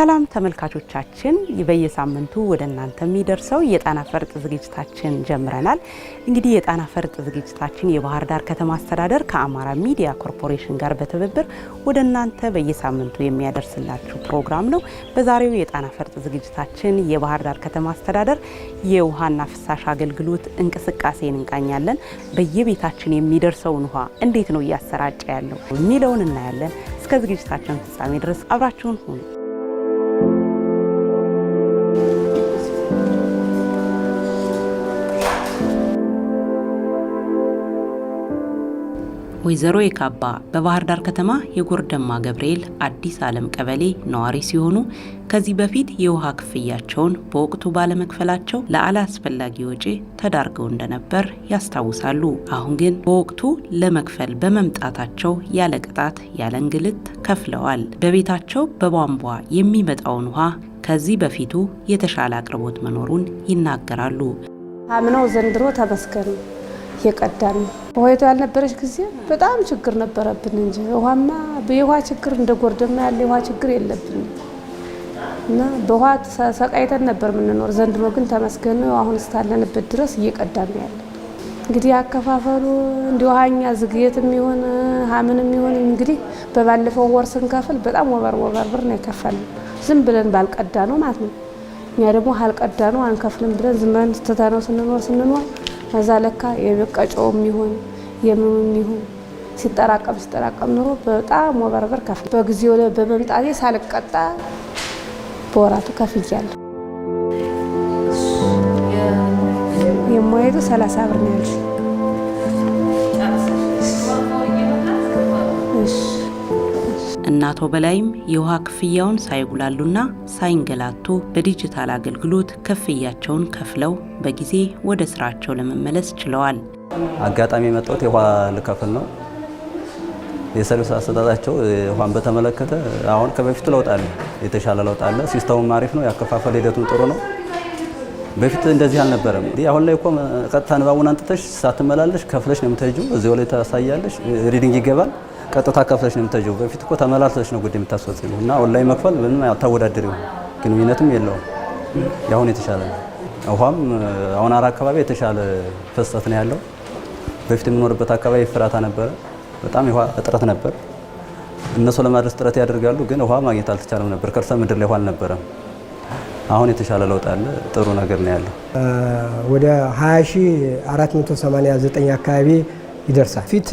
ሰላም ተመልካቾቻችን፣ በየሳምንቱ ወደ እናንተ የሚደርሰው የጣና ፈርጥ ዝግጅታችን ጀምረናል። እንግዲህ የጣና ፈርጥ ዝግጅታችን የባህር ዳር ከተማ አስተዳደር ከአማራ ሚዲያ ኮርፖሬሽን ጋር በትብብር ወደ እናንተ በየሳምንቱ የሚያደርስላችሁ ፕሮግራም ነው። በዛሬው የጣና ፈርጥ ዝግጅታችን የባህር ዳር ከተማ አስተዳደር የውሃና ፍሳሽ አገልግሎት እንቅስቃሴን እንቃኛለን። በየቤታችን የሚደርሰውን ውሃ እንዴት ነው እያሰራጨ ያለው የሚለውን እናያለን። እስከ ዝግጅታችን ፍጻሜ ድረስ አብራችሁን ሁኑ። ወይዘሮ የካባ በባህር ዳር ከተማ የጎርደማ ገብርኤል አዲስ ዓለም ቀበሌ ነዋሪ ሲሆኑ ከዚህ በፊት የውሃ ክፍያቸውን በወቅቱ ባለመክፈላቸው ለአላስፈላጊ ወጪ ተዳርገው እንደነበር ያስታውሳሉ። አሁን ግን በወቅቱ ለመክፈል በመምጣታቸው ያለ ቅጣት ያለ እንግልት ከፍለዋል። በቤታቸው በቧንቧ የሚመጣውን ውሃ ከዚህ በፊቱ የተሻለ አቅርቦት መኖሩን ይናገራሉ። አምነው ዘንድሮ ተመስገኑ እየቀዳን ነው። ውሃይቱ ያልነበረች ጊዜ በጣም ችግር ነበረብን እንጂ ውሃማ የውሃ ችግር እንደ ጎርደማ ያለ የውሃ ችግር የለብንም እና በውሃ ሰቃይተን ነበር የምንኖር። ዘንድሮ ግን ተመስገን አሁን እስካለንበት ድረስ እየቀዳን ያለ። እንግዲህ አከፋፈሉ እንዲ ውሃኛ ዝግየት የሚሆን ሀምን የሚሆን እንግዲህ በባለፈው ወር ስንከፍል በጣም ወበር ወበር ብር ነው የከፈል ዝም ብለን ባልቀዳ ነው ማለት ነው። እኛ ደግሞ አልቀዳ ነው አንከፍልም ብለን ዝም ብለን ትተነው ስንኖር ስንኖር ከዛ ለካ የበቃ ጨውም ይሁን የምንም ይሁን ሲጠራቀም ሲጠራቀም ኑሮ በጣም ወበርበር ከፍ በጊዜው ላይ በመምጣቴ ሳልቀጣ በወራቱ ከፍያለሁ። የማየቱ ሰላሳ ብር ነው ያልሽ እናቶ በላይም የውሃ ክፍያውን ሳይጉላሉና ሳይንገላቱ በዲጂታል አገልግሎት ክፍያቸውን ከፍለው በጊዜ ወደ ስራቸው ለመመለስ ችለዋል። አጋጣሚ የመጣሁት የውሃ ልከፍል ነው። የሰርቪስ አሰጣጣቸው ውሃን በተመለከተ አሁን ከበፊቱ ለውጥ አለ፣ የተሻለ ለውጥ አለ። ሲስተሙም አሪፍ ነው። ያከፋፈል ሂደቱም ጥሩ ነው። በፊት እንደዚህ አልነበረም። አሁን ላይ እኮ ቀጥታ ንባቡን አንጥተሽ ሳትመላለሽ ከፍለሽ ነው የምትሄጂው። እዚያው ላይ ታሳያለሽ፣ ሪዲንግ ይገባል ቀጥታ ከፍለሽ ነው የምታጀው። በፊት እኮ ተመላልሰሽ ነው ጉዳይ የምታስፈጽሙ እና ኦንላይን መክፈል ምንም አታወዳደሪው፣ ግንኙነትም የለውም። ያሁን የተሻለ ነው። ውሃም አሁን አራ አካባቢ የተሻለ ፍሰት ነው ያለው። በፊት የምኖርበት አካባቢ ፍራታ ነበረ፣ በጣም የውሃ እጥረት ነበር። እነሱ ለማድረስ ጥረት ያደርጋሉ፣ ግን ውሃ ማግኘት አልተቻለም ነበር። ከርሰ ምድር ላይ ውሃ አልነበረም። አሁን የተሻለ ለውጥ አለ። ጥሩ ነገር ነው ያለው። ወደ 20489 አካባቢ ይደርሳል። ፊት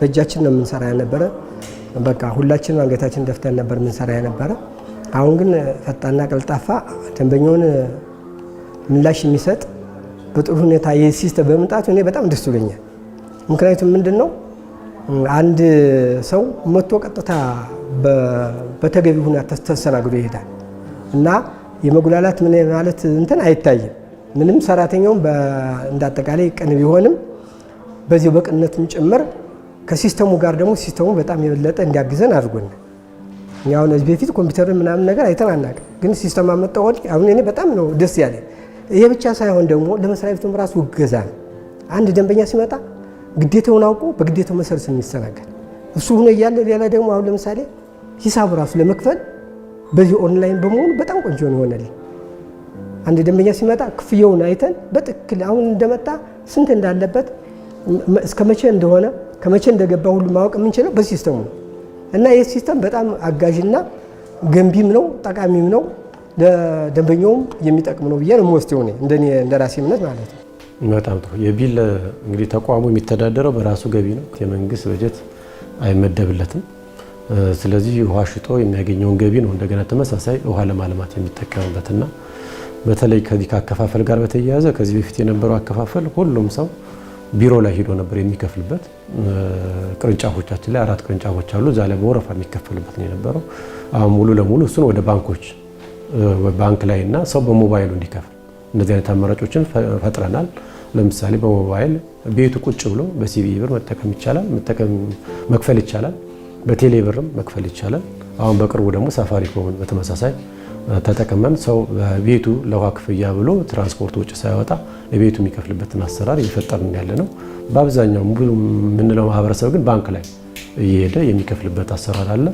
በእጃችን ነው የምንሰራ የነበረ። በቃ ሁላችንም አንገታችን ደፍተን ነበር የምንሰራ የነበረ። አሁን ግን ፈጣንና ቀልጣፋ ደንበኛውን ምላሽ የሚሰጥ በጥሩ ሁኔታ ይህ በመምጣቱ እኔ በጣም ደስ ብሎኛል። ምክንያቱም ምንድን ነው አንድ ሰው መቶ ቀጥታ በተገቢ ሁኔታ ተስተናግዶ ይሄዳል እና የመጉላላት ምን ማለት እንትን አይታይም። ምንም ሰራተኛውም እንዳጠቃላይ ቅን ቢሆንም በዚህ በቅንነትም ጭምር ከሲስተሙ ጋር ደግሞ ሲስተሙ በጣም የበለጠ እንዲያግዘን አድርጎን እኛ አሁን እዚህ በፊት ኮምፒውተርን ምናምን ነገር አይተን አናውቅም፣ ግን ሲስተም አመጣሁ ወዲህ አሁን እኔ በጣም ነው ደስ ያለ። ይሄ ብቻ ሳይሆን ደግሞ ለመስሪያ ቤቱም ራሱ እገዛ ነው። አንድ ደንበኛ ሲመጣ ግዴታውን አውቆ በግዴታው መሰረት የሚስተናገድ እሱ ሆኖ እያለ ሌላ ደግሞ አሁን ለምሳሌ ሂሳቡ ራሱ ለመክፈል በዚህ ኦንላይን በመሆኑ በጣም ቆንጆ ነው ይሆናልኝ። አንድ ደንበኛ ሲመጣ ክፍያውን አይተን በትክክል አሁን እንደመጣ ስንት እንዳለበት እስከ መቼ እንደሆነ ከመቼ እንደገባ ሁሉ ማወቅ የምንችለው በሲስተሙ እና ይህ ሲስተም በጣም አጋዥና ገንቢም ነው ጠቃሚም ነው ለደንበኛውም የሚጠቅም ነው ብዬ ነው የምወስደው እኔ እንደኔ እንደ ራሴ እምነት ማለት ነው። በጣም ጥሩ የቢል እንግዲህ ተቋሙ የሚተዳደረው በራሱ ገቢ ነው። የመንግስት በጀት አይመደብለትም። ስለዚህ ውሃ ሽጦ የሚያገኘውን ገቢ ነው እንደገና ተመሳሳይ ውሃ ለማልማት የሚጠቀምበትና በተለይ ከዚህ ከአከፋፈል ጋር በተያያዘ ከዚህ በፊት የነበረው አከፋፈል ሁሉም ሰው ቢሮ ላይ ሄዶ ነበር የሚከፍልበት። ቅርንጫፎቻችን ላይ አራት ቅርንጫፎች አሉ። እዛ ላይ በወረፋ የሚከፈልበት ነው የነበረው። አሁን ሙሉ ለሙሉ እሱን ወደ ባንኮች ባንክ ላይ እና ሰው በሞባይሉ እንዲከፍል እንደዚህ አይነት አማራጮችን ፈጥረናል። ለምሳሌ በሞባይል ቤቱ ቁጭ ብሎ በሲቢኢ ብር መጠቀም ይቻላል፣ መክፈል ይቻላል። በቴሌ ብርም መክፈል ይቻላል። አሁን በቅርቡ ደግሞ ሳፋሪኮምን በተመሳሳይ ተጠቅመን ሰው ቤቱ ለውሃ ክፍያ ብሎ ትራንስፖርት ውጭ ሳይወጣ ቤቱ የሚከፍልበትን አሰራር እየፈጠርን ያለ ነው። በአብዛኛው የምንለው ማህበረሰብ ግን ባንክ ላይ እየሄደ የሚከፍልበት አሰራር አለ።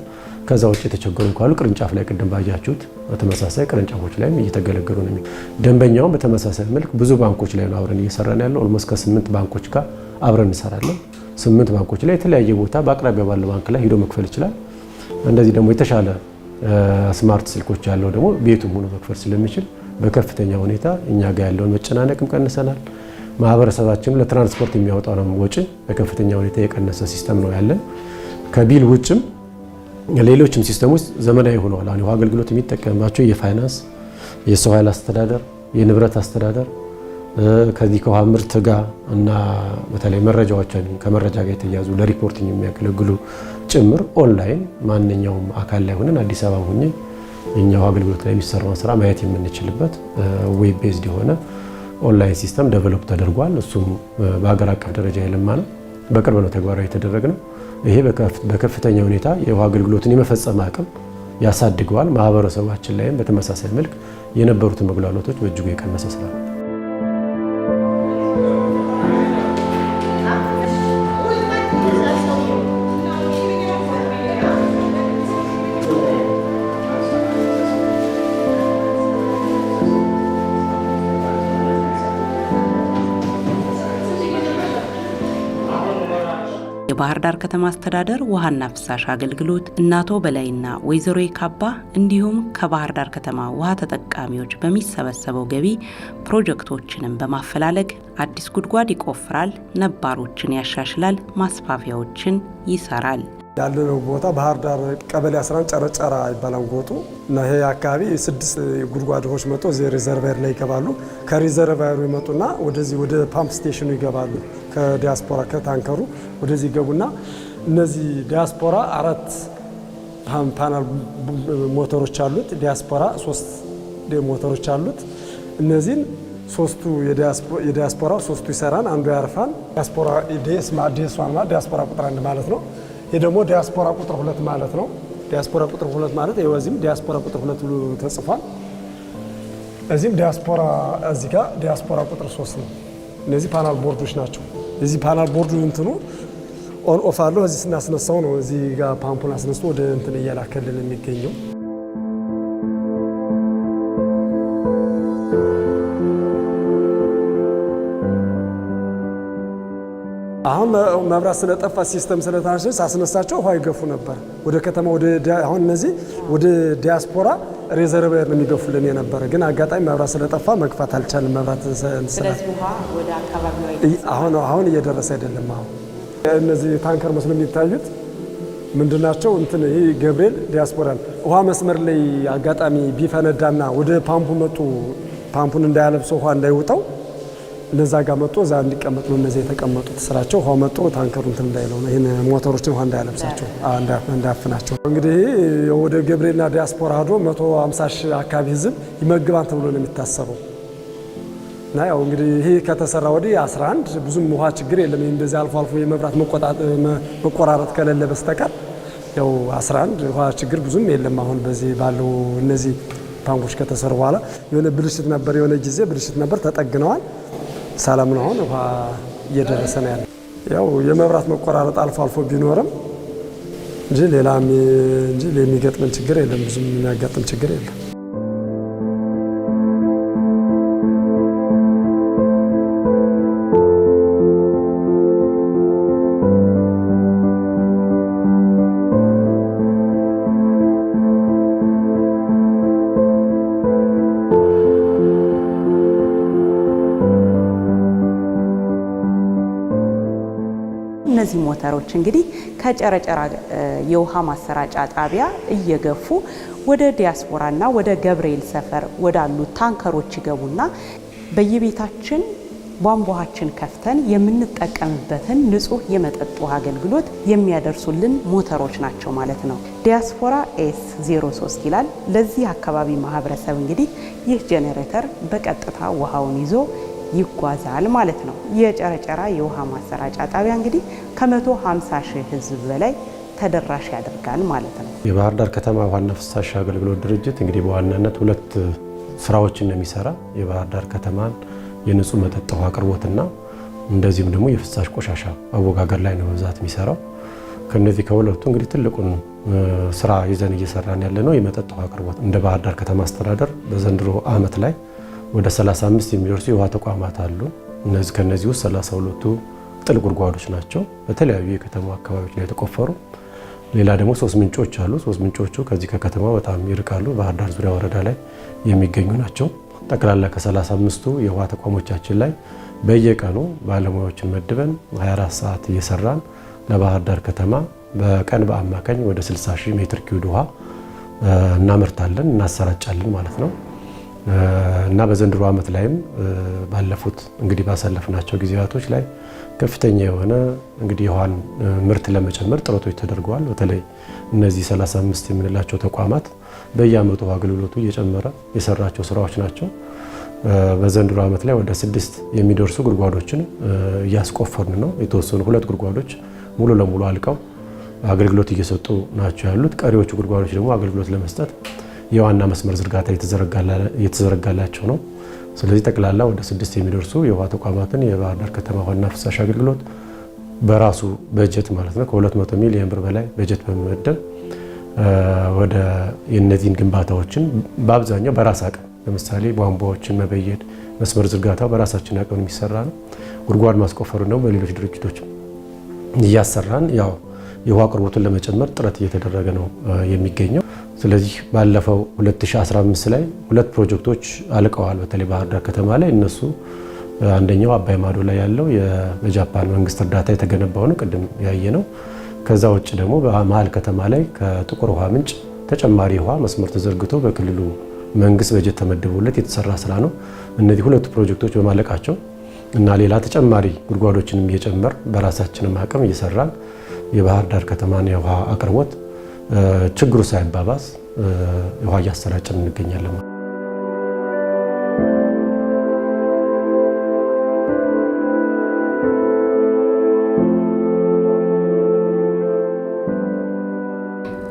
ከዛ ውጭ የተቸገሩ ካሉ ቅርንጫፍ ላይ ቅድም ባያችሁት በተመሳሳይ ቅርንጫፎች ላይም እየተገለገሉ ነው። ደንበኛውም በተመሳሳይ መልክ ብዙ ባንኮች ላይ ነው አብረን እየሰራን ያለው። ኦልሞስት ከስምንት ባንኮች ጋር አብረን እንሰራለን። ስምንት ባንኮች ላይ የተለያየ ቦታ በአቅራቢያ ባለ ባንክ ላይ ሂዶ መክፈል ይችላል። እንደዚህ ደግሞ የተሻለ ስማርት ስልኮች ያለው ደግሞ ቤቱም ሆኖ መክፈል ስለሚችል በከፍተኛ ሁኔታ እኛ ጋር ያለውን መጨናነቅም ቀንሰናል። ማህበረሰባችንም ለትራንስፖርት የሚያወጣው ነው ወጪ በከፍተኛ ሁኔታ የቀነሰ ሲስተም ነው ያለን። ከቢል ውጭም ሌሎችም ሲስተሞች ዘመናዊ ሆነዋል። አሁን አገልግሎት የሚጠቀምባቸው የፋይናንስ፣ የሰው ኃይል አስተዳደር፣ የንብረት አስተዳደር ከዚህ ከውሃ ምርት ጋር እና በተለይ መረጃዎችን ከመረጃ ጋር የተያዙ ለሪፖርቲንግ የሚያገለግሉ ጭምር ኦንላይን ማንኛውም አካል ላይ ሆነን አዲስ አበባ ሆኜ የኛው አገልግሎት ላይ የሚሰራውን ስራ ማየት የምንችልበት ዌብ ቤዝድ የሆነ ኦንላይን ሲስተም ደቨሎፕ ተደርጓል። እሱም በሀገር አቀፍ ደረጃ የለማ ነው። በቅርብ ነው ተግባራዊ የተደረገ ነው። ይሄ በከፍተኛ ሁኔታ የውሃ አገልግሎትን የመፈጸም አቅም ያሳድገዋል። ማህበረሰባችን ላይም በተመሳሳይ መልክ የነበሩትን መጉላሎቶች በእጅጉ የቀነሰ ስራ የባህር ዳር ከተማ አስተዳደር ውሃና ፍሳሽ አገልግሎት እናቶ በላይና ወይዘሮ የካባ እንዲሁም ከባህር ዳር ከተማ ውሃ ተጠቃሚዎች በሚሰበሰበው ገቢ ፕሮጀክቶችንም በማፈላለግ አዲስ ጉድጓድ ይቆፍራል፣ ነባሮችን ያሻሽላል፣ ማስፋፊያዎችን ይሰራል። ያለነው ቦታ ባህር ዳር ቀበሌ 11 ጨረጨራ ይባላል ጎጡ እና ይሄ አካባቢ ስድስት ጉድጓዶች መጥቶ እዚህ ሪዘርቫየር ላይ ይገባሉ። ከሪዘርቫየሩ ይመጡና ወደዚህ ወደ ፓምፕ ስቴሽኑ ይገባሉ። ከዲያስፖራ ከታንከሩ ወደዚህ ይገቡና እነዚህ ዲያስፖራ አራት ፓናል ሞተሮች አሉት። ዲያስፖራ ሶስት ሞተሮች አሉት። እነዚህን ሶስቱ የዲያስፖራ ሶስቱ ይሰራን፣ አንዱ ያርፋን። ዲያስፖራ ዲስ ዲያስፖራ ቁጥር አንድ ማለት ነው። ይህ ደግሞ ዲያስፖራ ቁጥር ሁለት ማለት ነው። ዲያስፖራ ቁጥር ሁለት ማለት እዚህም ዲያስፖራ ቁጥር ሁለት ብሎ ተጽፏል። እዚህም ዲያስፖራ እዚህ ጋር ዲያስፖራ ቁጥር ሶስት ነው። እነዚህ ፓናል ቦርዶች ናቸው። እዚህ ፓናል ቦርዱ እንትኑ ኦን ኦፍ አለው። እዚህ ስናስነሳው ነው እዚህ ጋር ፓምፑን አስነስቶ ወደ እንትን እያላከልን የሚገኘው አሁን መብራት ስለጠፋ ሲስተም ስለታሸ ሳስነሳቸው ውሃ ይገፉ ነበር ወደ ከተማ። አሁን እነዚህ ወደ ዲያስፖራ ሬዘርቨር ነው የሚገፉልን የነበረ፣ ግን አጋጣሚ መብራት ስለጠፋ መግፋት አልቻልም። መብራት አሁን አሁን እየደረሰ አይደለም። አሁን እነዚህ ታንከር መስሎ የሚታዩት ምንድናቸው? እንትን ይህ ገብርኤል ዲያስፖራል ውሃ መስመር ላይ አጋጣሚ ቢፈነዳና ወደ ፓምፑ መጡ ፓምፑን እንዳያለብሰው ውሃ እንዳይውጠው ለዛ ጋር መጥቶ እዛ እንዲቀመጥ ነው። እነዚህ የተቀመጡት ስራቸው ውሃ መጥቶ ታንከሩ እንትን እንዳይለው ነው። ይህን ሞተሮችን ውሃ እንዳያለብሳቸው እንዳያፍናቸው። እንግዲህ ወደ ገብሬና ዲያስፖራ ሄዶ 150 ሺህ አካባቢ ህዝብ ይመግባን ተብሎ ነው የሚታሰበው እና ያው እንግዲህ ይሄ ከተሰራ ወዲህ 11 ብዙም ውሃ ችግር የለም። እንደዚህ አልፎ አልፎ የመብራት መቆራረጥ ከሌለ በስተቀር ያው 11 ውሃ ችግር ብዙም የለም። አሁን በዚህ ባለው እነዚህ ታንኮች ከተሰሩ በኋላ የሆነ ብልሽት ነበር፣ የሆነ ጊዜ ብልሽት ነበር፣ ተጠግነዋል። ሳለምን አሁን ውሃ እየደረሰ ነው ያለ። ያው የመብራት መቆራረጥ አልፎ አልፎ ቢኖርም እንጂ ሌላ እንጂ የሚገጥመን ችግር የለም። ብዙም የሚያጋጥም ችግር የለም። እነዚህ ሞተሮች እንግዲህ ከጨረጨራ የውሃ ማሰራጫ ጣቢያ እየገፉ ወደ ዲያስፖራና ወደ ገብርኤል ሰፈር ወዳሉ ታንከሮች ይገቡና በየቤታችን ቧንቧችን ከፍተን የምንጠቀምበትን ንጹህ የመጠጥ ውሃ አገልግሎት የሚያደርሱልን ሞተሮች ናቸው ማለት ነው። ዲያስፖራ ኤስ 03 ይላል። ለዚህ አካባቢ ማህበረሰብ እንግዲህ ይህ ጄኔሬተር በቀጥታ ውሃውን ይዞ ይጓዛል ማለት ነው። የጨረጨራ የውሃ ማሰራጫ ጣቢያ እንግዲህ ከመቶ 150 ሺህ ህዝብ በላይ ተደራሽ ያደርጋል ማለት ነው። የባህር ዳር ከተማ ውሃና ፍሳሽ አገልግሎት ድርጅት እንግዲህ በዋናነት ሁለት ስራዎችን ነው የሚሰራ የባህር ዳር ከተማን የንጹህ መጠጥ ውሃ አቅርቦትና እንደዚሁም ደግሞ የፍሳሽ ቆሻሻ አወጋገር ላይ ነው በብዛት የሚሰራው። ከነዚህ ከሁለቱ እንግዲህ ትልቁን ስራ ይዘን እየሰራን ያለ ነው የመጠጥ ውሃ አቅርቦት። እንደ ባህር ዳር ከተማ አስተዳደር በዘንድሮ አመት ላይ ወደ 35 የሚደርሱ የውሃ ተቋማት አሉ። እነዚህ ከነዚህ ውስጥ 32ቱ ጥል ጉድጓዶች ናቸው በተለያዩ የከተማ አካባቢዎች ላይ የተቆፈሩ። ሌላ ደግሞ ሶስት ምንጮች አሉ። ሶስት ምንጮቹ ከዚህ ከከተማ በጣም ይርቃሉ። ባህር ዳር ዙሪያ ወረዳ ላይ የሚገኙ ናቸው። ጠቅላላ ከ35ቱ የውሃ ተቋሞቻችን ላይ በየቀኑ ባለሙያዎችን መድበን 24 ሰዓት እየሰራን ለባህር ዳር ከተማ በቀን በአማካኝ ወደ 60 ሺህ ሜትር ኪዩድ ውሃ እናመርታለን እናሰራጫለን ማለት ነው። እና በዘንድሮ ዓመት ላይም ባለፉት እንግዲህ ባሳለፍናቸው ጊዜያቶች ላይ ከፍተኛ የሆነ እንግዲህ የውሃን ምርት ለመጨመር ጥረቶች ተደርገዋል። በተለይ እነዚህ 35 የምንላቸው ተቋማት በየአመቱ አገልግሎቱ እየጨመረ የሰራቸው ስራዎች ናቸው። በዘንድሮ ዓመት ላይ ወደ ስድስት የሚደርሱ ጉድጓዶችን እያስቆፈርን ነው። የተወሰኑ ሁለት ጉድጓዶች ሙሉ ለሙሉ አልቀው አገልግሎት እየሰጡ ናቸው ያሉት። ቀሪዎቹ ጉድጓዶች ደግሞ አገልግሎት ለመስጠት የዋና መስመር ዝርጋታ እየተዘረጋላቸው ነው። ስለዚህ ጠቅላላ ወደ ስድስት የሚደርሱ የውሃ ተቋማትን የባህር ዳር ከተማ ዋና ፍሳሽ አገልግሎት በራሱ በጀት ማለት ነው ከ200 ሚሊዮን ብር በላይ በጀት በመመደብ ወደ የእነዚህን ግንባታዎችን በአብዛኛው በራስ አቅም ለምሳሌ ቧንቧዎችን መበየድ፣ መስመር ዝርጋታው በራሳችን አቅም የሚሰራ ነው። ጉድጓድ ማስቆፈሩ ደግሞ በሌሎች ድርጅቶች እያሰራን ያው የውሃ አቅርቦቱን ለመጨመር ጥረት እየተደረገ ነው የሚገኘው። ስለዚህ ባለፈው 2015 ላይ ሁለት ፕሮጀክቶች አልቀዋል። በተለይ ባህር ዳር ከተማ ላይ እነሱ አንደኛው አባይ ማዶ ላይ ያለው በጃፓን መንግስት እርዳታ የተገነባው ነው፣ ቅድም ያየ ነው። ከዛ ውጭ ደግሞ በመሀል ከተማ ላይ ከጥቁር ውሃ ምንጭ ተጨማሪ ውሃ መስመር ተዘርግቶ በክልሉ መንግስት በጀት ተመድቦለት የተሰራ ስራ ነው። እነዚህ ሁለቱ ፕሮጀክቶች በማለቃቸው እና ሌላ ተጨማሪ ጉድጓዶችንም እየጨመር በራሳችንም አቅም እየሰራን የባህር ዳር ከተማን የውሃ አቅርቦት ችግሩ ሳይባባስ ውሃ እያሰራጨን እንገኛለን።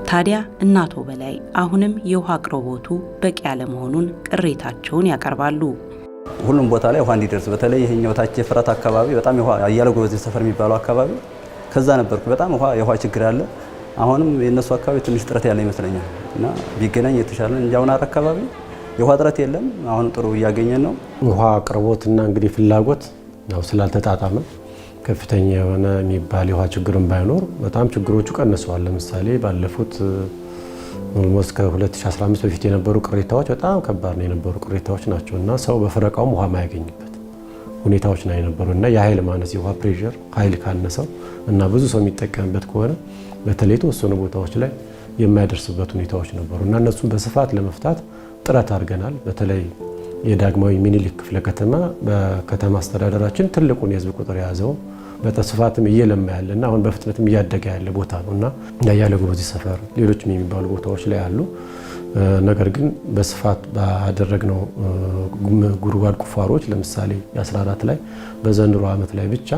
ታዲያ እናቶ በላይ አሁንም የውሃ አቅርቦቱ በቂ ያለመሆኑን ቅሬታቸውን ያቀርባሉ። ሁሉም ቦታ ላይ ውሃ እንዲደርስ በተለይ ይሄኛው ታች የፍራት አካባቢ በጣም ውሃ እያለ ሰፈር የሚባለው አካባቢ ከዛ ነበርኩ። በጣም ውሃ የውሃ ችግር አለ። አሁንም የእነሱ አካባቢ ትንሽ ጥረት ያለ ይመስለኛል እና ቢገናኝ የተሻለ እንጂ አሁን አር አካባቢ የውሃ ጥረት የለም። አሁን ጥሩ እያገኘን ነው። ውሃ አቅርቦትና እንግዲህ ፍላጎት ያው ስላልተጣጣመ ከፍተኛ የሆነ የሚባል የውሃ ችግርን ባይኖር በጣም ችግሮቹ ቀንሰዋል። ለምሳሌ ባለፉት ኦልሞስት ከ2015 በፊት የነበሩ ቅሬታዎች በጣም ከባድ ነው የነበሩ ቅሬታዎች ናቸው እና ሰው በፈረቃውም ውሃ ማያገኝበት ሁኔታዎች ነው የነበሩ እና የኃይል ማነስ የውሃ ፕሬሸር ኃይል ካነሰው እና ብዙ ሰው የሚጠቀምበት ከሆነ በተለይ የተወሰኑ ቦታዎች ላይ የማይደርስበት ሁኔታዎች ነበሩ እና እነሱን በስፋት ለመፍታት ጥረት አድርገናል። በተለይ የዳግማዊ ሚኒሊክ ክፍለ ከተማ በከተማ አስተዳደራችን ትልቁን የህዝብ ቁጥር የያዘው በተስፋትም እየለማ ያለ እና አሁን በፍጥነትም እያደገ ያለ ቦታ ነው እና ያያለ ጉብዚ ሰፈር፣ ሌሎችም የሚባሉ ቦታዎች ላይ አሉ። ነገር ግን በስፋት ባደረግነው ጉድጓድ ቁፋሮች ለምሳሌ 14 ላይ በዘንድሮ ዓመት ላይ ብቻ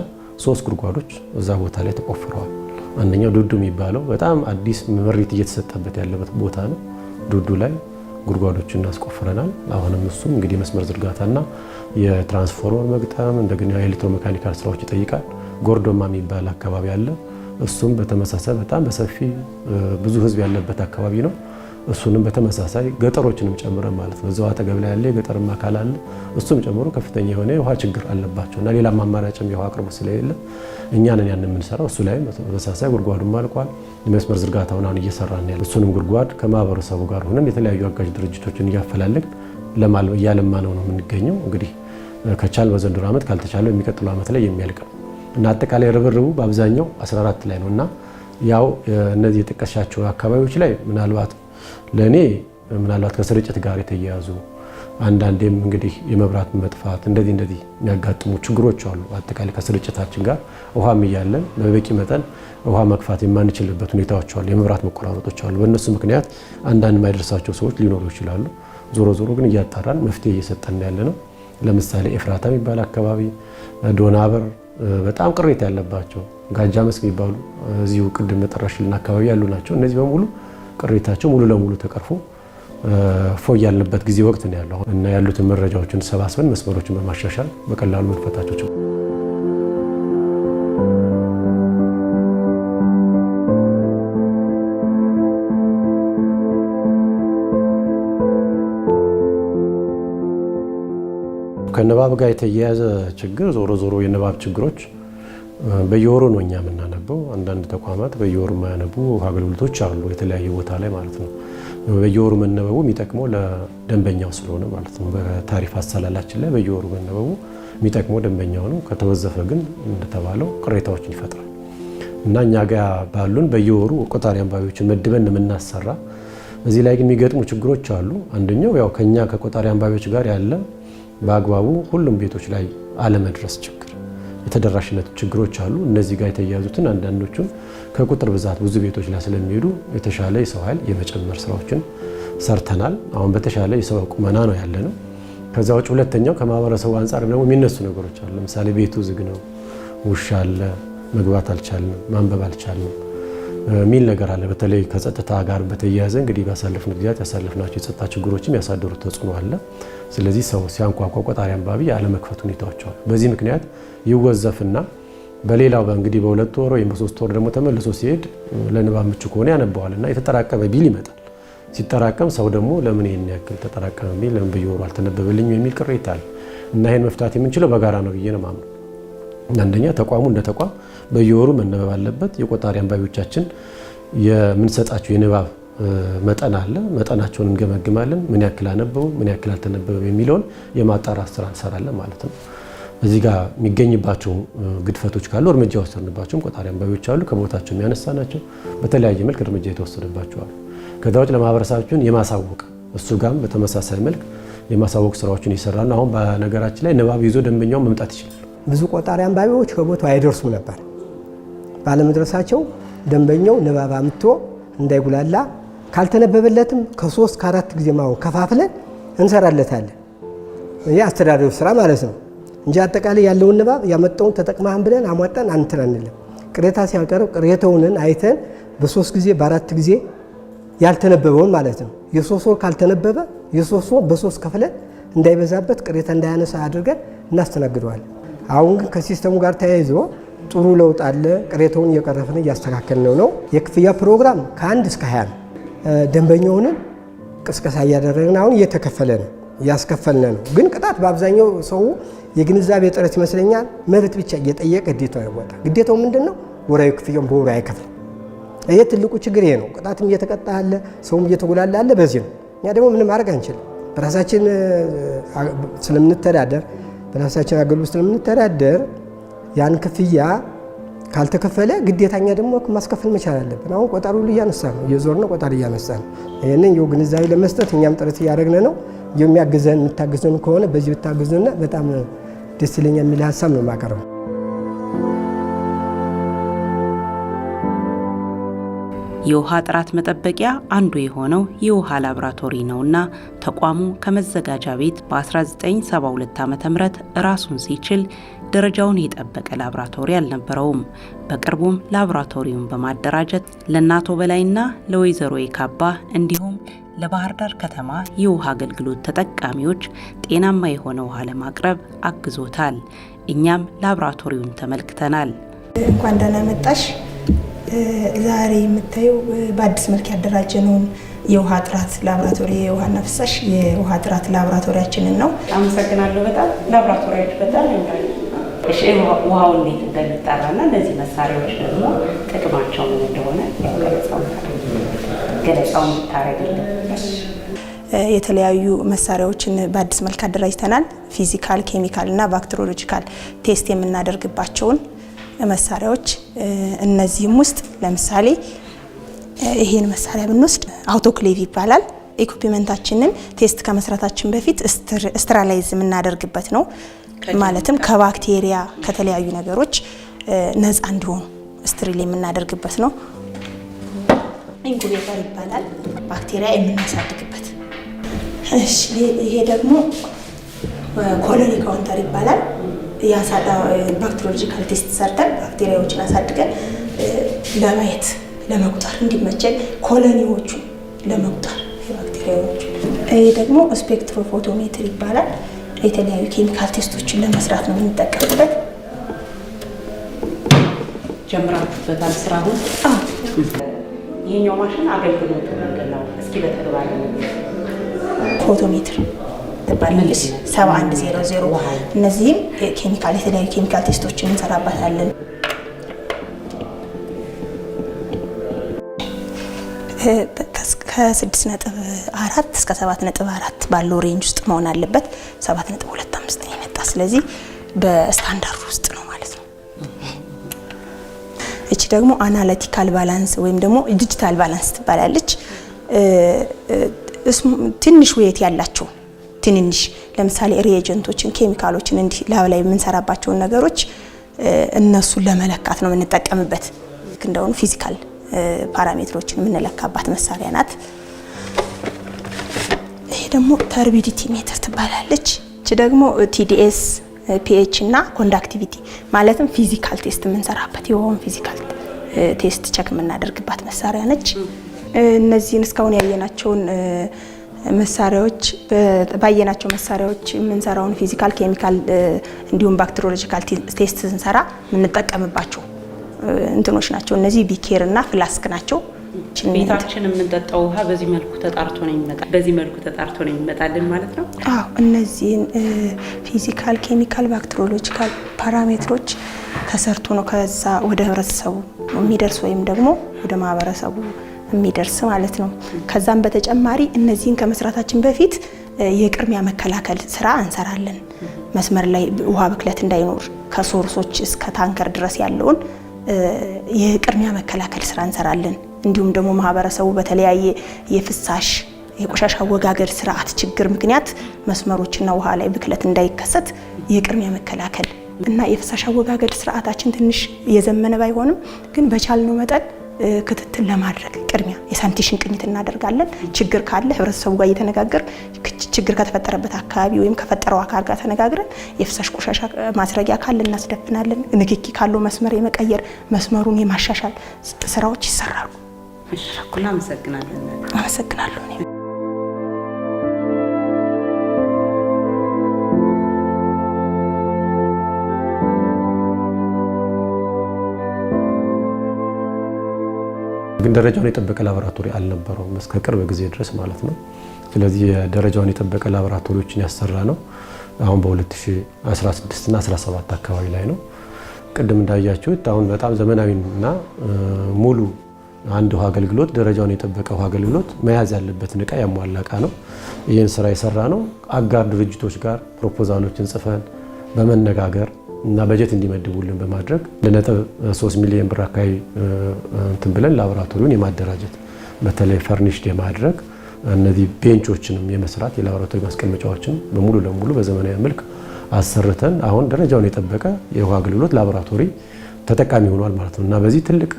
ሶስት ጉድጓዶች እዛ ቦታ ላይ ተቆፍረዋል። አንደኛው ዱዱ የሚባለው በጣም አዲስ መሬት እየተሰጠበት ያለበት ቦታ ነው። ዱዱ ላይ ጉድጓዶችን እናስቆፍረናል። አሁንም እሱም እንግዲህ መስመር ዝርጋታና የትራንስፎርመር መግጠም እንደገና የኤሌክትሮሜካኒካል ስራዎች ይጠይቃል። ጎርዶማ የሚባል አካባቢ አለ። እሱም በተመሳሳይ በጣም በሰፊ ብዙ ህዝብ ያለበት አካባቢ ነው። እሱንም በተመሳሳይ ገጠሮችንም ጨምረን ማለት ነው። እዛው አጠገብ ላይ ያለ የገጠርም አካል አለ። እሱም ጨምሮ ከፍተኛ የሆነ የውሃ ችግር አለባቸው እና ሌላም አማራጭም የውሃ አቅርቦት ስለሌለ እኛንን ያን የምንሰራው እሱ ላይ በተመሳሳይ ጉድጓዱም አልቋል። የመስመር ዝርጋታውን አሁን እየሰራን ያለ እሱንም ጉድጓድ ከማህበረሰቡ ጋር ሆነን የተለያዩ አጋዥ ድርጅቶችን እያፈላለግን እያለማ ነው ነው የምንገኘው። እንግዲህ ከቻል በዘንድሮ ዓመት ካልተቻለ የሚቀጥለው ዓመት ላይ የሚያልቅ ነው እና አጠቃላይ ርብርቡ በአብዛኛው 14 ላይ ነው እና ያው እነዚህ የጠቀሻቸው አካባቢዎች ላይ ምናልባት ለእኔ ምናልባት ከስርጭት ጋር የተያያዙ አንዳንዴም እንግዲህ የመብራት መጥፋት እንደዚህ እንደዚህ የሚያጋጥሙ ችግሮች አሉ። አጠቃላይ ከስርጭታችን ጋር ውሃም እያለን በበቂ መጠን ውሃ መግፋት የማንችልበት ሁኔታዎች አሉ። የመብራት መቆራረጦች አሉ። በእነሱ ምክንያት አንዳንድ የማይደርሳቸው ሰዎች ሊኖሩ ይችላሉ። ዞሮ ዞሮ ግን እያጣራን መፍትሄ እየሰጠን ያለ ነው። ለምሳሌ ኤፍራታ የሚባል አካባቢ፣ ዶናበር በጣም ቅሬታ ያለባቸው ጋጃ መስክ የሚባሉ እዚሁ ቅድም መጠራሽልን አካባቢ ያሉ ናቸው። እነዚህ በሙሉ ቅሪታቸው ሙሉ ለሙሉ ተቀርፎ ፎ ያለበት ጊዜ ወቅት ነው ያለው እና ያሉትን መረጃዎችን ሰባስበን መስመሮችን በማሻሻል በቀላሉ መንፈታቸው ከንባብ ጋር የተያያዘ ችግር ዞሮ ዞሮ የንባብ ችግሮች በየወሩ ነው እኛ ምናነ የሚያነበው አንዳንድ ተቋማት በየወሩ የማያነቡ አገልግሎቶች አሉ፣ የተለያየ ቦታ ላይ ማለት ነው። በየወሩ መነበቡ የሚጠቅመው ለደንበኛው ስለሆነ ማለት ነው። በታሪፍ አሰላላችን ላይ በየወሩ መነበቡ የሚጠቅመው ደንበኛው ነው። ከተወዘፈ ግን እንደተባለው ቅሬታዎችን ይፈጥራል እና እኛ ጋ ባሉን በየወሩ ቆጣሪ አንባቢዎችን መድበን የምናሰራ እዚህ ላይ ግን የሚገጥሙ ችግሮች አሉ። አንደኛው ያው ከኛ ከቆጣሪ አንባቢዎች ጋር ያለ በአግባቡ ሁሉም ቤቶች ላይ አለመድረስ ችግር የተደራሽነት ችግሮች አሉ። እነዚህ ጋር የተያያዙትን አንዳንዶቹም ከቁጥር ብዛት ብዙ ቤቶች ላይ ስለሚሄዱ የተሻለ የሰው ኃይል የመጨመር ስራዎችን ሰርተናል። አሁን በተሻለ የሰው ቁመና ነው ያለ ነው። ከዛ ውጭ ሁለተኛው ከማህበረሰቡ አንጻር ደግሞ የሚነሱ ነገሮች አሉ። ለምሳሌ ቤቱ ዝግ ነው፣ ውሻ አለ፣ መግባት አልቻልንም፣ ማንበብ አልቻልንም ሚል ነገር አለ። በተለይ ከጸጥታ ጋር በተያያዘ እንግዲህ ባሳለፍነው ጊዜያት ያሳለፍናቸው የጸጥታ ችግሮችም ያሳደሩት ተጽዕኖ አለ። ስለዚህ ሰው ሲያንኳኳ ቆጣሪ አንባቢ ያለመክፈት ሁኔታዎች አሉ። በዚህ ምክንያት ይወዘፍና በሌላው በእንግዲህ በሁለት ወር ወይም በሶስት ወር ደግሞ ተመልሶ ሲሄድ ለንባብ ምቹ ከሆነ ያነባዋልና የተጠራቀመ ቢል ይመጣል። ሲጠራቀም ሰው ደግሞ ለምን ይህን ያክል ተጠራቀመ ቢል ለምን በየወሩ አልተነበበልኝ የሚል ቅሬታ አለ እና ይህን መፍታት የምንችለው በጋራ ነው ብዬ ነው ማምነው። አንደኛ ተቋሙ እንደ ተቋም በየወሩ መነበብ አለበት። የቆጣሪ አንባቢዎቻችን የምንሰጣቸው የንባብ መጠን አለ። መጠናቸውን እንገመግማለን። ምን ያክል አነበቡ፣ ምን ያክል አልተነበበም የሚለውን የማጣራት ስራ እንሰራለን ማለት ነው። እዚህ ጋር የሚገኝባቸው ግድፈቶች ካሉ እርምጃ የወሰድንባቸውም ቆጣሪ አንባቢዎች አሉ። ከቦታቸው የሚያነሳ ናቸው። በተለያየ መልክ እርምጃ የተወሰደባቸው አሉ። ከዛ ውጭ ለማህበረሰባችን የማሳወቅ እሱ ጋም በተመሳሳይ መልክ የማሳወቅ ስራዎችን ይሰራሉ። አሁን በነገራችን ላይ ንባብ ይዞ ደንበኛውን መምጣት ይችላል። ብዙ ቆጣሪ አንባቢዎች ከቦታው አይደርሱም ነበር። ባለመድረሳቸው ደንበኛው ንባብ አምጥቶ እንዳይጉላላ ካልተነበበለትም ከሶስት ከአራት ጊዜ ማወቅ ከፋፍለን እንሰራለታለን። ይህ አስተዳደሩ ስራ ማለት ነው እንጂ አጠቃላይ ያለውን ንባብ ያመጣውን ተጠቅማህን ብለን አሟጣን አንትን አንልም። ቅሬታ ሲያቀርብ ቅሬታውንን አይተን በሶስት ጊዜ በአራት ጊዜ ያልተነበበውን ማለት ነው የሶስት ወር ካልተነበበ የሶስት ወር በሶስት ከፍለን እንዳይበዛበት ቅሬታ እንዳያነሳ አድርገን እናስተናግደዋለን። አሁን ግን ከሲስተሙ ጋር ተያይዞ ጥሩ ለውጥ አለ። ቅሬታውን እየቀረፍን ነው ነው። የክፍያ ፕሮግራም ከአንድ እስከ ሀያ ነው። ደንበኛ ሆነን ቅስቀሳ እያደረግን አሁን እየተከፈለ ነው እያስከፈልነ ነው። ግን ቅጣት በአብዛኛው ሰው የግንዛቤ ጥረት ይመስለኛል። መብት ብቻ እየጠየቀ ግዴታው ይወጣ ግዴታው ምንድን ነው? ወራዊ ክፍያውን በወሩ አይከፍልም። ይሄ ትልቁ ችግር ይሄ ነው። ቅጣትም እየተቀጣ ያለ ሰውም እየተጉላላ አለ። በዚህ ነው እኛ ደግሞ ምንም ማድረግ አንችልም። በራሳችን ስለምንተዳደር በራሳችን አገልግሎት ስለምንተዳደር ያን ክፍያ ካልተከፈለ ግዴታኛ ደግሞ ማስከፈል መቻል አለብን። አሁን ቆጣሪ ሁሉ እያነሳ ነው፣ እየዞር ነው፣ ቆጣሪ እያነሳ ነው። ይህንን የው ግንዛቤ ለመስጠት እኛም ጥረት እያደረግን ነው። የሚያግዘን የምታግዘን ከሆነ በዚህ ብታግዙና በጣም ደስ ይለኛል የሚል ሀሳብ ነው የማቀርበው። የውሃ ጥራት መጠበቂያ አንዱ የሆነው የውሃ ላብራቶሪ ነውና ተቋሙ ከመዘጋጃ ቤት በ1972 ዓ ም ራሱን ሲችል ደረጃውን የጠበቀ ላብራቶሪ አልነበረውም። በቅርቡም ላብራቶሪውን በማደራጀት ለእናቶ በላይና ለወይዘሮ የካባ እንዲሁም ለባህር ዳር ከተማ የውሃ አገልግሎት ተጠቃሚዎች ጤናማ የሆነ ውሃ ለማቅረብ አግዞታል። እኛም ላብራቶሪውን ተመልክተናል። እንኳን ደህና መጣሽ። ዛሬ የምታየው በአዲስ መልክ ያደራጀነውን የውሃ ጥራት ላብራቶሪ የውሃና ፍሳሽ የውሃ ጥራት ላብራቶሪያችንን ነው። አመሰግናለሁ። በጣም ላቦራቶሪዎች በጣም ያምራል። እሺ፣ ውሃው እንዴት እንደሚጠራ እና እነዚህ መሳሪያዎች ደግሞ ጥቅማቸው ምን እንደሆነ ገለጻውን ብታረግልን። የተለያዩ መሳሪያዎችን በአዲስ መልክ አደራጅተናል። ፊዚካል፣ ኬሚካል እና ባክቴሪዮሎጂካል ቴስት የምናደርግባቸውን መሳሪያዎች እነዚህም ውስጥ ለምሳሌ ይሄን መሳሪያ ብንወስድ አውቶክሌቭ ይባላል። ኢኩፒመንታችንን ቴስት ከመስራታችን በፊት ስትራላይዝ የምናደርግበት ነው። ማለትም ከባክቴሪያ ከተለያዩ ነገሮች ነፃ እንዲሆኑ ስትሪል የምናደርግበት ነው። ኢንኩቤተር ይባላል። ባክቴሪያ የምናሳድግበት። እሺ ይሄ ደግሞ ኮሎኒ ካውንተር ይባላል። ባክቴሪዮሎጂካል ቴስት ሰርተን ባክቴሪያዎችን አሳድገን ለማየት ለመቁጠር እንዲመቸን ኮሎኒዎቹ ለመቁጠር የባክቴሪያዎቹ። ይህ ደግሞ ስፔክትሮ ፎቶሜትር ይባላል። የተለያዩ ኬሚካል ቴስቶችን ለመስራት ነው የምንጠቀምበት። ጀምራችሁበታል ሁ ይህኛው ማሽን አገልግሎቱ ምንድን ነው? እስኪ በተግባር ፎቶሜትር ትባላለች ሰባ እነዚህም ኬሚካል የተለያዩ ኬሚካል ቴስቶችን እንሰራባታለን። ከስድስት ነጥብ አራት እስከ ሰባት ነጥብ አራት ባለው ሬንጅ ውስጥ መሆን አለበት። ሰባት ነጥብ ሁለት አምስት ነው የመጣ ስለዚህ በስታንዳርድ ውስጥ ነው ማለት ነው። እቺ ደግሞ አናሊቲካል ባላንስ ወይም ደግሞ ዲጂታል ባላንስ ትባላለች። ትንሽ ውየት ያላቸው ትንንሽ ለምሳሌ ሪኤጀንቶችን ኬሚካሎችን እንዲህ ላብ ላይ የምንሰራባቸውን ነገሮች እነሱን ለመለካት ነው የምንጠቀምበት። እንደውም ፊዚካል ፓራሜትሮችን የምንለካባት መሳሪያ ናት። ይሄ ደግሞ ተርቢዲቲ ሜትር ትባላለች። እቺ ደግሞ ቲዲኤስ ፒኤች እና ኮንዳክቲቪቲ ማለትም ፊዚካል ቴስት የምንሰራበት የውሃውን ፊዚካል ቴስት ቸክ የምናደርግባት መሳሪያ ነች። እነዚህን እስካሁን ያየናቸውን መሳሪያዎች ባየናቸው መሳሪያዎች የምንሰራውን ፊዚካል፣ ኬሚካል እንዲሁም ባክቴሪሎጂካል ቴስት ስንሰራ የምንጠቀምባቸው እንትኖች ናቸው። እነዚህ ቢኬር እና ፍላስክ ናቸው። ቤታችን የምንጠጣው ውሃ በዚህ መልኩ ተጣርቶ ነው ይመጣል በዚህ መልኩ ተጣርቶ ነው ይመጣልን ማለት ነው። አዎ እነዚህን ፊዚካል፣ ኬሚካል፣ ባክቴሪሎጂካል ፓራሜትሮች ተሰርቶ ነው ከዛ ወደ ህብረተሰቡ የሚደርስ ወይም ደግሞ ወደ ማህበረሰቡ የሚደርስ ማለት ነው። ከዛም በተጨማሪ እነዚህን ከመስራታችን በፊት የቅድሚያ መከላከል ስራ እንሰራለን። መስመር ላይ ውሃ ብክለት እንዳይኖር ከሶርሶች እስከ ታንከር ድረስ ያለውን የቅድሚያ መከላከል ስራ እንሰራለን። እንዲሁም ደግሞ ማህበረሰቡ በተለያየ የፍሳሽ የቆሻሻ አወጋገድ ስርዓት ችግር ምክንያት መስመሮችና ውሃ ላይ ብክለት እንዳይከሰት የቅድሚያ መከላከል እና የፍሳሽ አወጋገድ ስርዓታችን ትንሽ የዘመነ ባይሆንም ግን በቻልነው መጠን ክትትል ለማድረግ ቅድሚያ የሳንቲሽን ቅኝት እናደርጋለን። ችግር ካለ ህብረተሰቡ ጋር እየተነጋገር ችግር ከተፈጠረበት አካባቢ ወይም ከፈጠረው አካል ጋር ተነጋግረን የፍሳሽ ቆሻሻ ማስረጊያ ካለ እናስደፍናለን። ንክኪ ካለው መስመር የመቀየር መስመሩን የማሻሻል ስራዎች ይሰራሉ። አመሰግናለሁ። ግን ደረጃውን የጠበቀ ላቦራቶሪ አልነበረውም እስከ ቅርብ ጊዜ ድረስ ማለት ነው። ስለዚህ ደረጃውን የጠበቀ ላቦራቶሪዎችን ያሰራ ነው አሁን በ2016 እና 17 አካባቢ ላይ ነው። ቅድም እንዳያችሁት አሁን በጣም ዘመናዊና ሙሉ አንድ ውሃ አገልግሎት ደረጃውን የጠበቀ ውሃ አገልግሎት መያዝ ያለበትን እቃ ያሟላ እቃ ነው። ይህን ስራ የሰራ ነው አጋር ድርጅቶች ጋር ፕሮፖዛሎችን ጽፈን በመነጋገር እና በጀት እንዲመድቡልን በማድረግ ለነጥብ 3 ሚሊዮን ብር አካባቢ እንትን ብለን ላቦራቶሪውን የማደራጀት በተለይ ፈርኒሽድ የማድረግ እነዚህ ቤንቾችንም የመስራት የላቦራቶሪ ማስቀመጫዎችን በሙሉ ለሙሉ በዘመናዊ መልክ አሰርተን አሁን ደረጃውን የጠበቀ የውሃ አገልግሎት ላቦራቶሪ ተጠቃሚ ሆኗል ማለት ነው እና በዚህ ትልቅ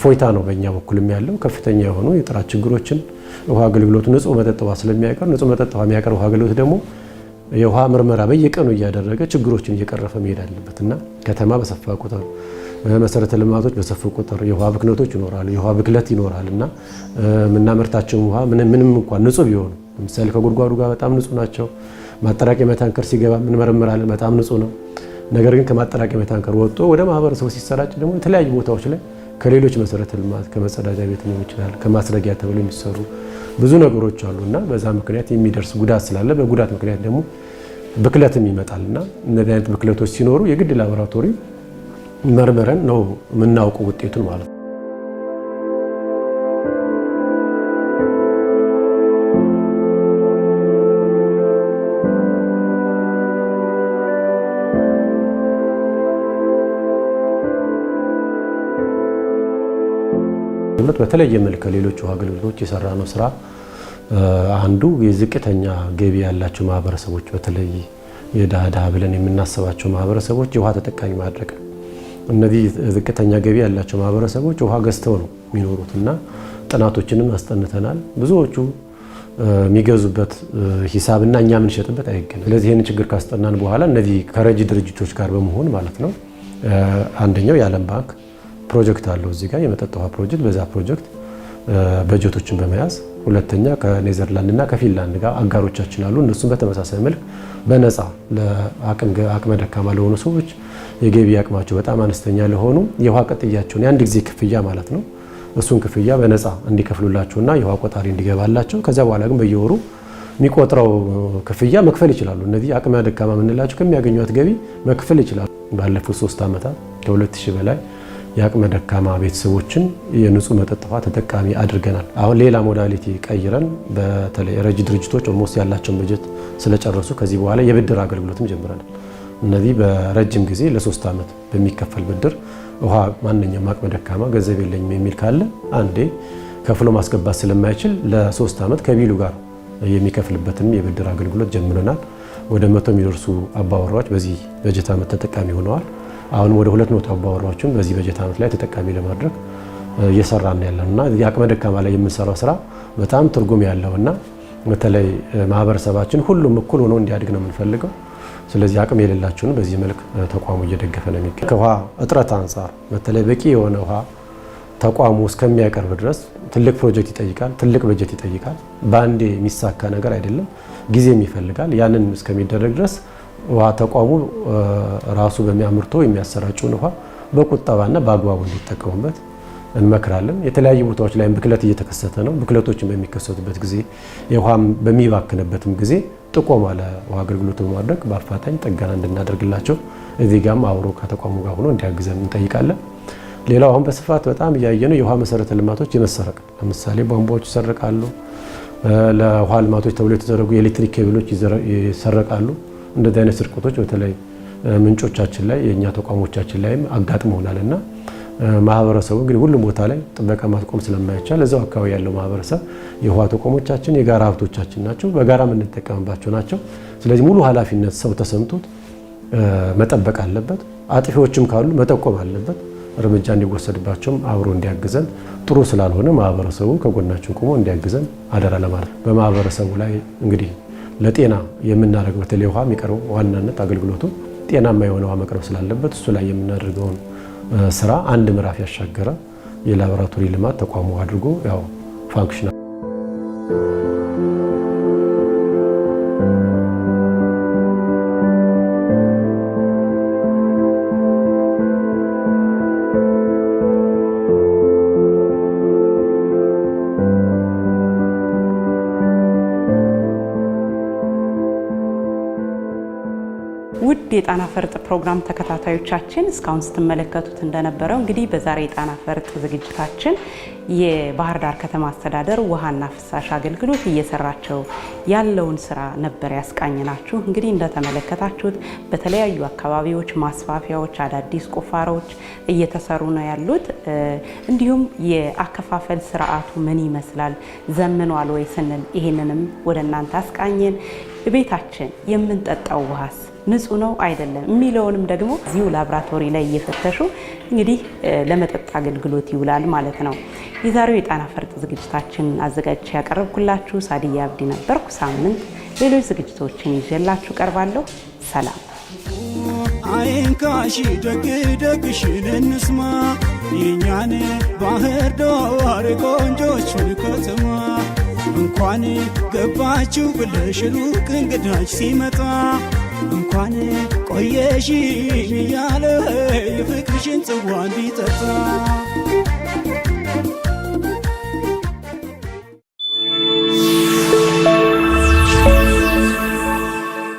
ፎይታ ነው በእኛ በኩልም ያለው ከፍተኛ የሆኑ የጥራት ችግሮችን ውሃ አገልግሎቱ ንጹህ መጠጥ ውሃ ንጹህ መጠጥ ውሃ የሚያቀር ውሃ አገልግሎት ደግሞ የውሃ ምርመራ በየቀኑ እያደረገ ችግሮችን እየቀረፈ መሄድ አለበት እና ከተማ በሰፋ ቁጥር መሰረተ ልማቶች በሰፉ ቁጥር የውሃ ብክነቶች ይኖራሉ፣ የውሃ ብክለት ይኖራል እና የምናመርታቸው ውሃ ምንም እንኳን ንጹህ ቢሆኑ ለምሳሌ ከጉድጓዱ ጋር በጣም ንጹህ ናቸው። ማጠራቀሚያ መታንከር ሲገባ ምንመረምራለን፣ በጣም ንጹህ ነው። ነገር ግን ከማጠራቀሚያ መታንከር ወጥቶ ወደ ማህበረሰቡ ሲሰራጭ ደግሞ የተለያዩ ቦታዎች ላይ ከሌሎች መሰረተ ልማት ከመጸዳጃ ቤት ሊሆን ይችላል ከማስረጊያ ተብሎ የሚሰሩ ብዙ ነገሮች አሉ እና በዛ ምክንያት የሚደርስ ጉዳት ስላለ በጉዳት ምክንያት ደግሞ ብክለትም ይመጣል እና እነዚህ አይነት ብክለቶች ሲኖሩ የግድ ላቦራቶሪ መርመረን ነው የምናውቀው ውጤቱን ማለት ነው። ግብር በተለየ መልክ ከሌሎቹ ውሃ አገልግሎቶች ነው ስራ አንዱ የዝቅተኛ ገቢ ያላቸው ማህበረሰቦች በተለይ የዳዳ ብለን የምናስባቸው ማህበረሰቦች የውሃ ተጠቃሚ ማድረግ ነው። እነዚህ ዝቅተኛ ገቢ ያላቸው ማህበረሰቦች ውሃ ገዝተው ነው የሚኖሩት እና ጥናቶችንም አስጠንተናል። ብዙዎቹ የሚገዙበት ሂሳብና እኛ የምንሸጥበት አይገናኝም። ስለዚህ ይህን ችግር ካስጠናን በኋላ እነዚህ ከረጂ ድርጅቶች ጋር በመሆን ማለት ነው አንደኛው የዓለም ባንክ ፕሮጀክት አለው እዚህ ጋር የመጠጥ ውሃ ፕሮጀክት። በዛ ፕሮጀክት በጀቶችን በመያዝ ሁለተኛ ከኔዘርላንድ እና ከፊንላንድ ጋር አጋሮቻችን አሉ። እነሱም በተመሳሳይ መልክ በነፃ ለአቅመ ደካማ ለሆኑ ሰዎች የገቢ አቅማቸው በጣም አነስተኛ ለሆኑ የውሃ ቅጥያቸውን የአንድ ጊዜ ክፍያ ማለት ነው እሱን ክፍያ በነፃ እንዲከፍሉላቸውና የውሃ ቆጣሪ እንዲገባላቸው ከዚያ በኋላ ግን በየወሩ የሚቆጥረው ክፍያ መክፈል ይችላሉ። እነዚህ አቅመ ደካማ የምንላቸው ከሚያገኟት ገቢ መክፈል ይችላሉ። ባለፉት ሶስት ዓመታት ከሁለት ሺህ በላይ የአቅመ ደካማ ቤተሰቦችን የንጹህ መጠጥ ውሃ ተጠቃሚ አድርገናል። አሁን ሌላ ሞዳሊቲ ቀይረን በተለይ ረጅ ድርጅቶች ኦልሞስት ያላቸውን በጀት ስለጨረሱ ከዚህ በኋላ የብድር አገልግሎትም ጀምረናል። እነዚህ በረጅም ጊዜ ለሶስት ዓመት በሚከፈል ብድር ውሃ ማንኛውም አቅመ ደካማ ገንዘብ የለኝም የሚል ካለ አንዴ ከፍሎ ማስገባት ስለማይችል ለሶስት ዓመት ከቢሉ ጋር የሚከፍልበትም የብድር አገልግሎት ጀምረናል። ወደ መቶ የሚደርሱ አባወራዎች በዚህ በጀት ዓመት ተጠቃሚ ሆነዋል። አሁንም ወደ ሁለት መቶ አባወራዎችን በዚህ በጀት ዓመት ላይ ተጠቃሚ ለማድረግ እየሰራን ያለን እና የአቅመ ደካማ ላይ የምንሰራው ስራ በጣም ትርጉም ያለው እና በተለይ ማህበረሰባችን ሁሉም እኩል ሆኖ እንዲያድግ ነው የምንፈልገው። ስለዚህ አቅም የሌላቸውን በዚህ መልክ ተቋሙ እየደገፈ ነው የሚገኝ። ከውሃ እጥረት አንጻር በተለይ በቂ የሆነ ውሃ ተቋሙ እስከሚያቀርብ ድረስ ትልቅ ፕሮጀክት ይጠይቃል፣ ትልቅ በጀት ይጠይቃል። በአንዴ የሚሳካ ነገር አይደለም፣ ጊዜም ይፈልጋል። ያንን እስከሚደረግ ድረስ ውሃ ተቋሙ ራሱ በሚያምርቶ የሚያሰራጩን ውሃ በቁጠባና በአግባቡ እንዲጠቀሙበት እንመክራለን። የተለያዩ ቦታዎች ላይ ብክለት እየተከሰተ ነው። ብክለቶችን በሚከሰቱበት ጊዜ የውሃም በሚባክንበትም ጊዜ ጥቆማ ለውሃ አገልግሎት በማድረግ በአፋጣኝ ጥገና እንድናደርግላቸው እዚህ ጋም አብሮ ከተቋሙ ጋር ሆኖ እንዲያግዘን እንጠይቃለን። ሌላው አሁን በስፋት በጣም እያየነው የውሃ መሰረተ ልማቶች የመሰረቅ ለምሳሌ ቧንቧዎች ይሰረቃሉ። ለውሃ ልማቶች ተብሎ የተዘረጉ የኤሌክትሪክ ኬብሎች ይሰረቃሉ። እንደዚህ አይነት ስርቆቶች በተለይ ምንጮቻችን ላይ የእኛ ተቋሞቻችን ላይም አጋጥመውናል እና ማህበረሰቡ እንግዲህ ሁሉም ቦታ ላይ ጥበቃ ማስቆም ስለማይቻል እዛው አካባቢ ያለው ማህበረሰብ የውሃ ተቋሞቻችን የጋራ ሀብቶቻችን ናቸው፣ በጋራ የምንጠቀምባቸው ናቸው። ስለዚህ ሙሉ ኃላፊነት ሰው ተሰምቶት መጠበቅ አለበት። አጥፊዎችም ካሉ መጠቆም አለበት። እርምጃ እንዲወሰድባቸውም አብሮ እንዲያግዘን ጥሩ ስላልሆነ ማህበረሰቡ ከጎናችን ቆሞ እንዲያግዘን አደራ ለማለት በማህበረሰቡ ላይ እንግዲህ ለጤና የምናደርገው በተለይ ውሃ የሚቀርበው ዋናነት አገልግሎቱ ጤናማ የሆነ ውሃ መቅረብ ስላለበት እሱ ላይ የምናደርገውን ስራ አንድ ምዕራፍ ያሻገረ የላቦራቶሪ ልማት ተቋሙ አድርጎ ያው ፋንክሽናል የጣና ፈርጥ ፕሮግራም ተከታታዮቻችን እስካሁን ስትመለከቱት እንደነበረው እንግዲህ በዛሬ የጣና ፈርጥ ዝግጅታችን የባህር ዳር ከተማ አስተዳደር ውሃና ፍሳሽ አገልግሎት እየሰራቸው ያለውን ስራ ነበር ያስቃኝናችሁ። እንግዲህ እንደተመለከታችሁት በተለያዩ አካባቢዎች ማስፋፊያዎች፣ አዳዲስ ቁፋሮዎች እየተሰሩ ነው ያሉት። እንዲሁም የአከፋፈል ስርዓቱ ምን ይመስላል ዘምኗል ወይ ስንል ይህንንም ወደ እናንተ አስቃኘን። ቤታችን የምንጠጣው ውሃስ ንጹህ ነው አይደለም የሚለውንም ደግሞ እዚሁ ላብራቶሪ ላይ እየፈተሹ እንግዲህ ለመጠጥ አገልግሎት ይውላል ማለት ነው። የዛሬው የጣና ፈርጥ ዝግጅታችን አዘጋጅቼ ያቀረብኩላችሁ ሳድያ አብዲ ነበርኩ። ሳምንት ሌሎች ዝግጅቶችን ይዤላችሁ ቀርባለሁ። ሰላም። አይንካሺ ደግ ደግሽን እንስማ የኛን ባህር ዳር ቆንጆችን ከተማ እንኳን ገባችሁ ብለሽ ሩቅ እንግዳች ሲመጣ እንኳን ቆየሽ እያለ የፍቅርሽን ጽዋ እንዲጠጣ